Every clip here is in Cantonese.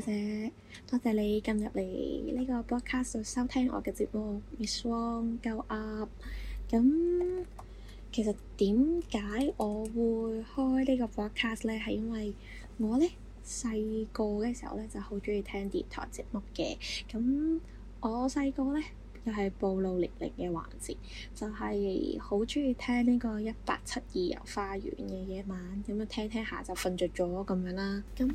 多謝你，你今日嚟呢個 podcast 度收聽我嘅節目《Miss Wang Go Up》。咁其實點解我會開個呢個 podcast 咧？係因為我咧細個嘅時候咧就好中意聽電台節目嘅。咁我細個咧又係暴露年齡嘅環節，就係好中意聽呢個《一八七二遊花園》嘅夜晚。咁樣，聽聽下就瞓着咗咁樣啦。咁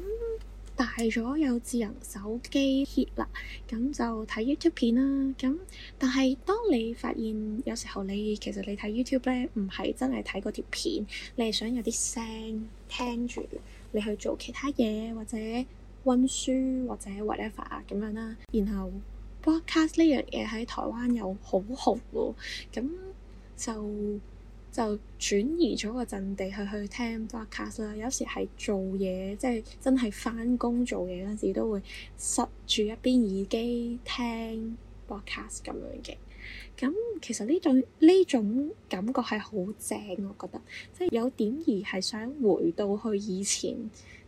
大咗有智能手機 hit 啦，咁就睇 YouTube 片啦。咁但係當你發現有時候你其實你睇 YouTube 咧，唔係真係睇嗰條片，你係想有啲聲聽住你去做其他嘢，或者温書或者 whatever 啊咁樣啦。然後 podcast 呢樣嘢喺台灣又好紅喎，咁就。就轉移咗個陣地去去聽 podcast 啦，有時係做嘢，即係真係翻工做嘢嗰陣時都會塞住一邊耳機聽 podcast 咁樣嘅。咁其實呢種呢種感覺係好正，我覺得，即係有點而係想回到去以前。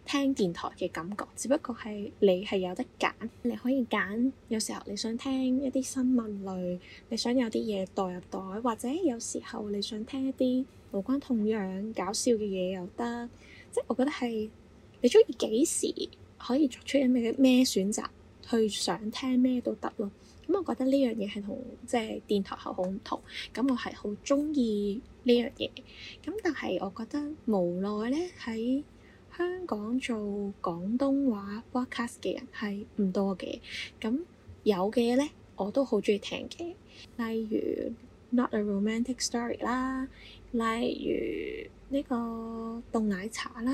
聽電台嘅感覺，只不過係你係有得揀，你可以揀，有時候你想聽一啲新聞類，你想有啲嘢袋入袋，或者有時候你想聽一啲無關痛癢搞笑嘅嘢又得，即係我覺得係你中意幾時可以作出一啲咩選擇去想聽咩都得咯。咁、嗯、我覺得呢樣嘢係同即係電台係好唔同，咁、嗯、我係好中意呢樣嘢。咁、嗯、但係我覺得無奈咧喺。香港做廣東話 podcast 嘅人係唔多嘅，咁有嘅呢，我都好中意聽嘅，例如《Not a Romantic Story》啦，例如呢個凍奶茶啦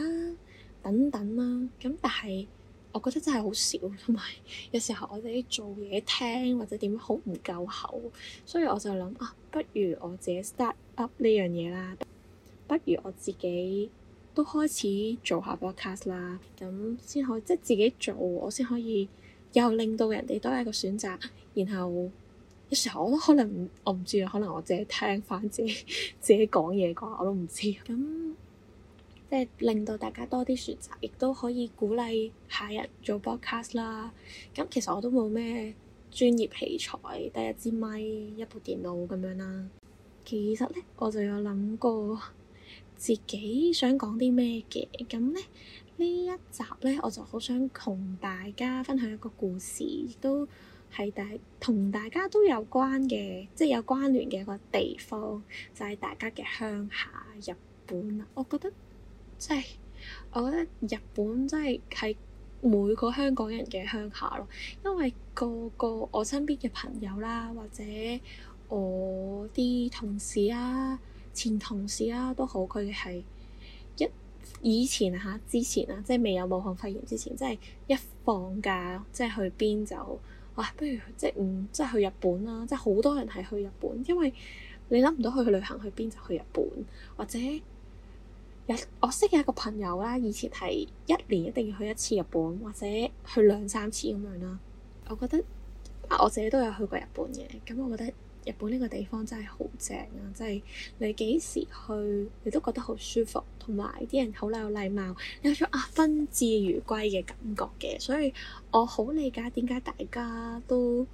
等等啦。咁但係我覺得真係好少，同埋有時候我哋做嘢聽或者點樣好唔夠口，所以我就諗啊，不如我自己 start up 呢樣嘢啦，不如我自己。都開始做下 broadcast 啦，咁先可以即係自己做，我先可以又令到人哋多一個選擇。然後有時候我都可能我唔知啊，可能我自己聽翻自己自己講嘢啩，我都唔知。咁即係令到大家多啲選擇，亦都可以鼓勵下人做 broadcast 啦。咁其實我都冇咩專業器材，得一支咪，一部電腦咁樣啦。其實咧，我就有諗過。自己想講啲咩嘅，咁咧呢一集咧，我就好想同大家分享一個故事，都係大同大家都有關嘅，即係有關聯嘅一個地方，就係大家嘅鄉下日本啦。我覺得即係我覺得日本真係係每個香港人嘅鄉下咯，因為個個我身邊嘅朋友啦，或者我啲同事啊。前同事啦、啊、都好，佢係一以前吓、啊，之前啊，即係未有武漢肺炎之前，即係一放假即係去邊就，哇、啊！不如即係唔、嗯、即係去日本啦，即係好多人係去日本，因為你諗唔到去去旅行去邊就去日本，或者有我識有一個朋友啦、啊，以前係一年一定要去一次日本，或者去兩三次咁樣啦。我覺得啊，我自己都有去過日本嘅，咁我覺得。日本呢個地方真係好正啊！真係你幾時去，你都覺得好舒服，同埋啲人好有禮貌，有種啊賓至如歸嘅感覺嘅。所以，我好理解點解大家都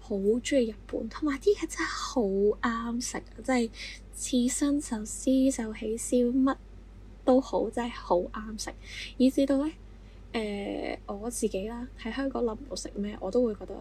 好中意日本，同埋啲嘢真係好啱食啊！真係刺身、壽司、壽喜燒，乜都好，真係好啱食。以至到咧，誒、呃、我自己啦，喺香港諗唔到食咩，我都會覺得。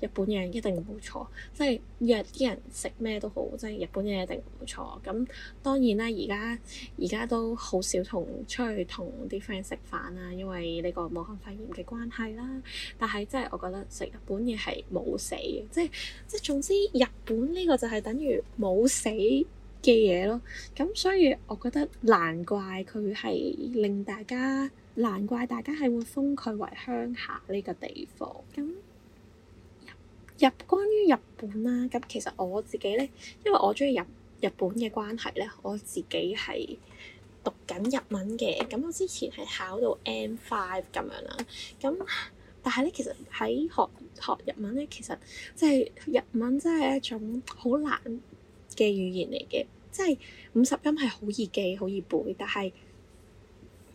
日本嘢一定冇錯，即係約啲人食咩都好，即係日本嘢一定冇錯。咁當然啦，而家而家都好少同出去同啲 friend 食飯啦，因為呢個武漢肺炎嘅關係啦。但係即係我覺得食日本嘢係冇死嘅，即係即係總之日本呢個就係等於冇死嘅嘢咯。咁所以我覺得難怪佢係令大家難怪大家係會封佢為鄉下呢個地方咁。入關於日本啦，咁其實我自己咧，因為我中意日日本嘅關係咧，我自己係讀緊日文嘅，咁我之前係考到 N five 咁樣啦，咁但係咧，其實喺學學日文咧，其實即係日文真係一種好難嘅語言嚟嘅，即係五十音係好易記好易背，但係，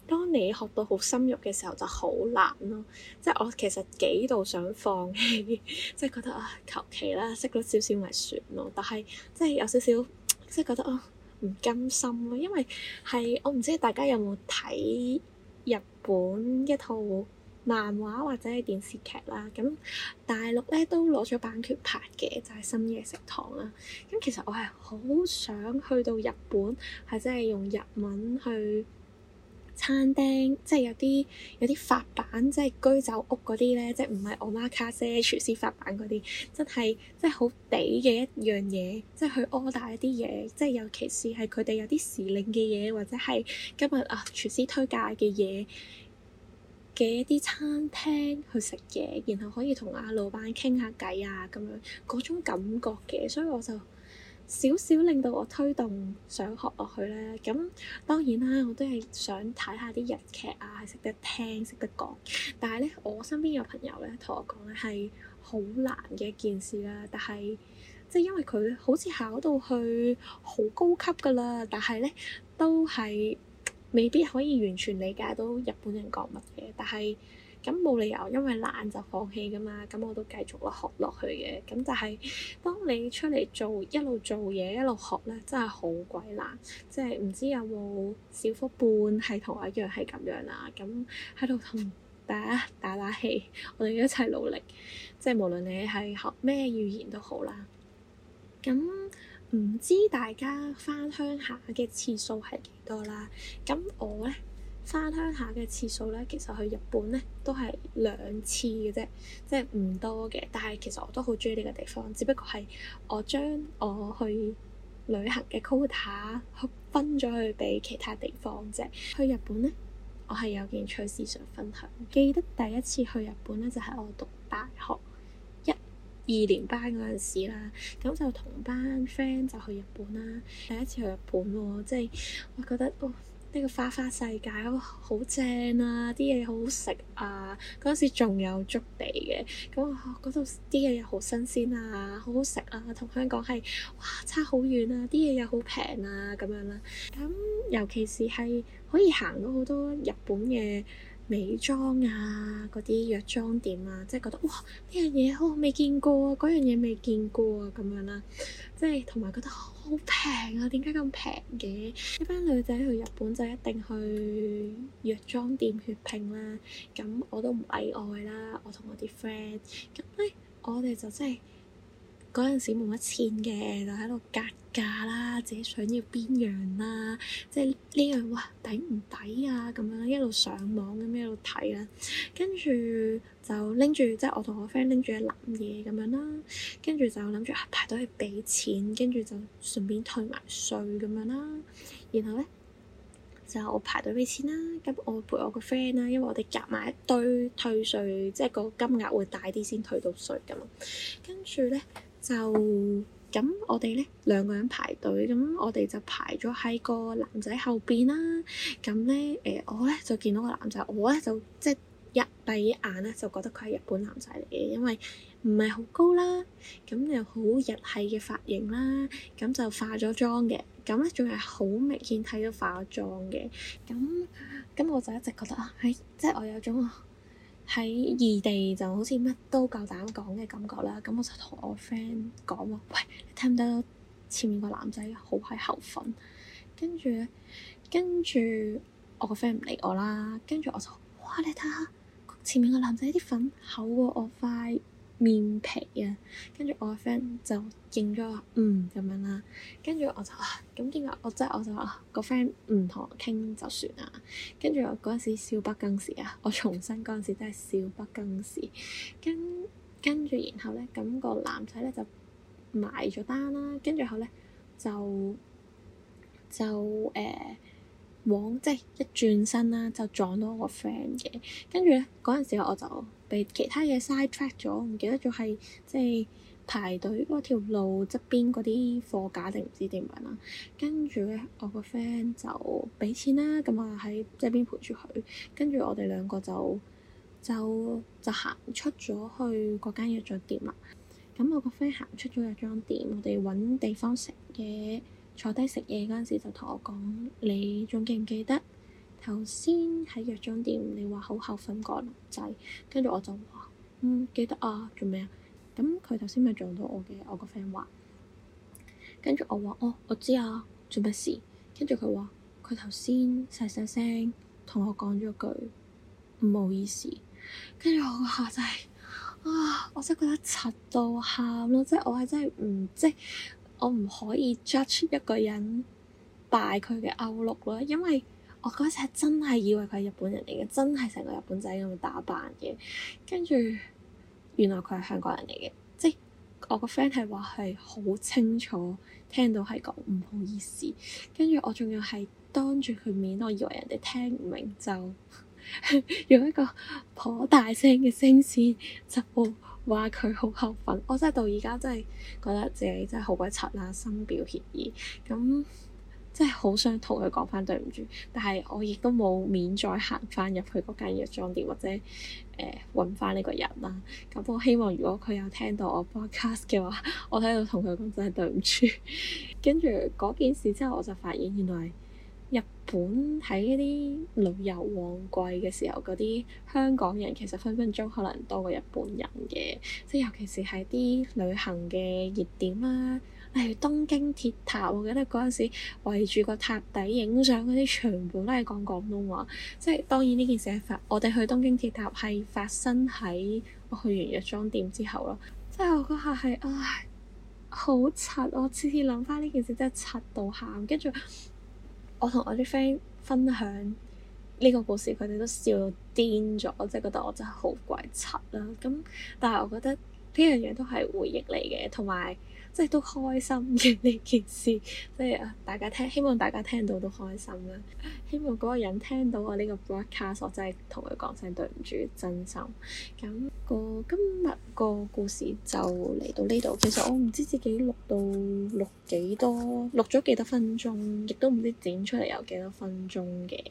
當你學到好深入嘅時候就好難咯，即係我其實幾度想放棄， 即係覺得啊求其啦識咗少少咪算咯，但係即係有少少即係覺得啊唔甘心咯，因為係我唔知大家有冇睇日本一套漫畫或者係電視劇啦，咁大陸咧都攞咗版權拍嘅就係、是、深夜食堂啦。咁其實我係好想去到日本，係即係用日文去。餐廳即係有啲有啲法板，即係居酒屋嗰啲咧，即係唔係我媽卡姐廚師法板嗰啲，真係真係好抵嘅一樣嘢，即係去 order 一啲嘢，即係尤其是係佢哋有啲時令嘅嘢，或者係今日啊廚師推介嘅嘢嘅一啲餐廳去食嘢，然後可以同阿老闆傾下偈啊咁樣嗰種感覺嘅，所以我就。少少令到我推動想學落去咧，咁當然啦，我都係想睇下啲日劇啊，係識得聽，識得講。但係咧，我身邊有朋友咧，同我講咧係好難嘅一件事啦。但係即係因為佢好似考到去好高級噶啦，但係咧都係未必可以完全理解到日本人講乜嘢。但係。咁冇理由，因為懶就放棄㗎嘛。咁我都繼續咯，學落去嘅。咁就係當你出嚟做，一路做嘢，一路學咧，真係好鬼難。即係唔知有冇小夥伴係同我一樣係咁樣啦、啊。咁喺度同大家打，打打氣，我哋一齊努力。即係無論你係學咩語言都好啦。咁唔知大家返鄉下嘅次數係幾多啦？咁我咧。翻鄉下嘅次數咧，其實去日本咧都係兩次嘅啫，即係唔多嘅。但係其實我都好中意呢個地方，只不過係我將我去旅行嘅 quota 分咗去俾其他地方啫。去日本咧，我係有件趣事想分享。記得第一次去日本咧，就係我讀大學一二年班嗰陣時啦。咁就同班 friend 就去日本啦，第一次去日本喎，即係我覺得哦。呢個花花世界，哦、好正啊！啲嘢好好食啊！嗰陣時仲有築地嘅，咁啊嗰度啲嘢又好新鮮啊，好好食啊！同香港係哇差好遠啊！啲嘢又好平啊，咁樣啦、啊。咁尤其是係可以行到好多日本嘅美妝啊，嗰啲藥妝店啊，即係覺得哇，呢樣嘢好未見過，見過啊，嗰樣嘢未見過啊，咁樣啦。即係同埋覺得好平啊！點解咁平嘅？一班女仔去日本就一定去藥妝店血拼啦。咁我都唔例外啦。我同我啲 friend，咁咧我哋就真係。嗰陣時冇乜錢嘅，就喺度格價啦，自己想要邊樣啦，即係呢樣哇，抵唔抵啊？咁樣一路上網咁一路睇啦，就是、我跟住就拎住即係我同我 friend 拎住一籃嘢咁樣啦，跟住就諗住啊排隊俾錢，跟住就順便退埋稅咁樣啦。然後咧就我排隊俾錢啦，咁我陪我個 friend 啦，因為我哋夾埋一堆退稅，即、就、係、是、個金額會大啲先退到稅㗎嘛。跟住咧～就咁，我哋咧兩個人排隊，咁我哋就排咗喺個男仔後邊啦。咁咧，誒、呃、我咧就見到個男仔，我咧就即係一第一眼咧就覺得佢係日本男仔嚟嘅，因為唔係好高啦，咁又好日系嘅髮型啦，咁就化咗妝嘅，咁咧仲係好明顯睇到化咗妝嘅，咁咁我就一直覺得啊，即、哎即係、我有種。喺異地就好似乜都夠膽講嘅感覺啦，咁我就同我 friend 講話，喂，你聽唔聽到前面個男仔好係厚粉？跟住跟住我個 friend 唔理我啦，跟住我，我，我就，哇，你睇下前面個男仔啲粉厚過、啊、我塊。面皮啊，跟住我個 friend 就應咗話，嗯咁樣啦、啊，跟住我就啊咁點解我真係我就話個 friend 唔同我傾就、就算啦、啊，跟住我嗰陣時少不更事啊，我重新嗰陣時真係少不更事，跟跟住然後咧，咁、那個男仔咧就埋咗單啦，跟住後咧就就誒往即係一轉身啦，就撞、啊呃啊、到我個 friend 嘅，跟住咧嗰陣時我就。被其他嘢 side track 咗，唔記得咗係即係排隊嗰條路側邊嗰啲貨架定唔知點樣啦。跟住咧，我個 friend 就畀錢啦，咁我喺側邊陪住佢，跟住我哋兩個就就就行出咗去嗰間藥妝店啦。咁我個 friend 行出咗藥妝店，我哋揾地方食嘢，坐低食嘢嗰陣時就同我講，你仲記唔記得？頭先喺藥妝店你口口，你話好後悔個男仔，跟住我就話嗯記得啊，做咩啊？咁佢頭先咪撞到我嘅我個 friend 話，跟住我話哦，我知啊，做乜事？小小跟住佢話佢頭先細細聲同我講咗句唔好意思，跟住我個男仔啊，我真係覺得柒到喊咯，即、就、係、是、我係真係唔即我唔可以 judge 一個人擺佢嘅歐陸啦，因為。我嗰時真係以為佢係日本人嚟嘅，真係成個日本仔咁樣打扮嘅。跟住原來佢係香港人嚟嘅，即係我個 friend 係話係好清楚聽到係講唔好意思。跟住我仲要係當住佢面，我以為人哋聽唔明，就 用一個頗大聲嘅聲線就話佢好厚粉。我真係到而家真係覺得自己真係好鬼柒啦，深表歉意。咁。真係好想同佢講翻對唔住，但係我亦都冇面再行翻入去嗰間藥妝店或者誒揾翻呢個人啦。咁我希望如果佢有聽到我 podcast 嘅話，我喺度同佢講真係對唔住。跟住嗰件事之後，我就發現原來日本喺一啲旅遊旺季嘅時候，嗰啲香港人其實分分鐘可能多過日本人嘅，即係尤其是喺啲旅行嘅熱點啦、啊。誒、哎、東京鐵塔，我記得嗰陣時圍住個塔底影相嗰啲全部都係講廣東話，即係當然呢件事係發，我哋去東京鐵塔係發生喺我去完藥妝店之後咯，即係我嗰下係唉好柒，我次次諗翻呢件事真係柒到喊，跟住我同我啲 friend 分享呢個故事，佢哋都笑到癲咗，即係覺得我真係好鬼柒啦。咁但係我覺得呢樣嘢都係回憶嚟嘅，同埋。即係都開心嘅呢件事，即係啊！大家聽，希望大家聽到都開心啦。希望嗰個人聽到我呢個 broadcast，我真係同佢講聲對唔住，真心。咁個今日個故事就嚟到呢度。其實我唔知自己錄到錄幾多，錄咗幾多分鐘，亦都唔知剪出嚟有幾多分鐘嘅。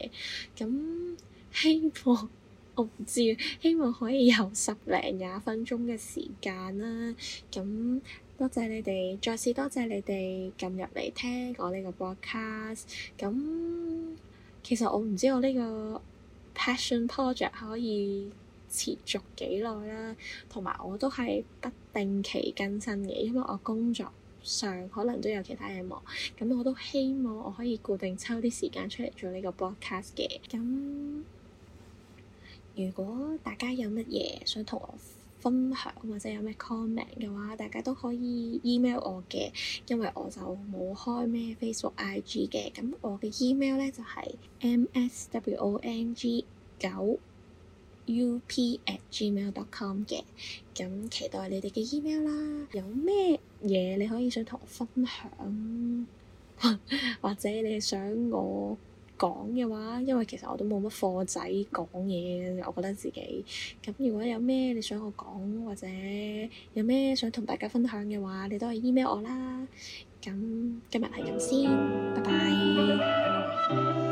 咁希望我唔知，希望可以有十零廿分鐘嘅時間啦。咁。多謝你哋，再次多謝你哋近日嚟聽我呢個 broadcast。咁其實我唔知我呢個 passion project 可以持續幾耐啦，同埋我都係不定期更新嘅，因為我工作上可能都有其他嘢忙。咁我都希望我可以固定抽啲時間出嚟做呢個 broadcast 嘅。咁如果大家有乜嘢想同我分享或者有咩 comment 嘅話，大家都可以 email 我嘅，因為我就冇開咩 Facebook、IG 嘅。咁我嘅 email 咧就係 m.s.w.o.n.g. 九 u.p. at gmail dot com 嘅。咁期待你哋嘅 email 啦，有咩嘢你可以想同我分享，或者你係想我。講嘅話，因為其實我都冇乜課仔講嘢嘅，我覺得自己。咁如果有咩你想我講，或者有咩想同大家分享嘅話，你都可以 email 我啦。咁今日係咁先，拜拜。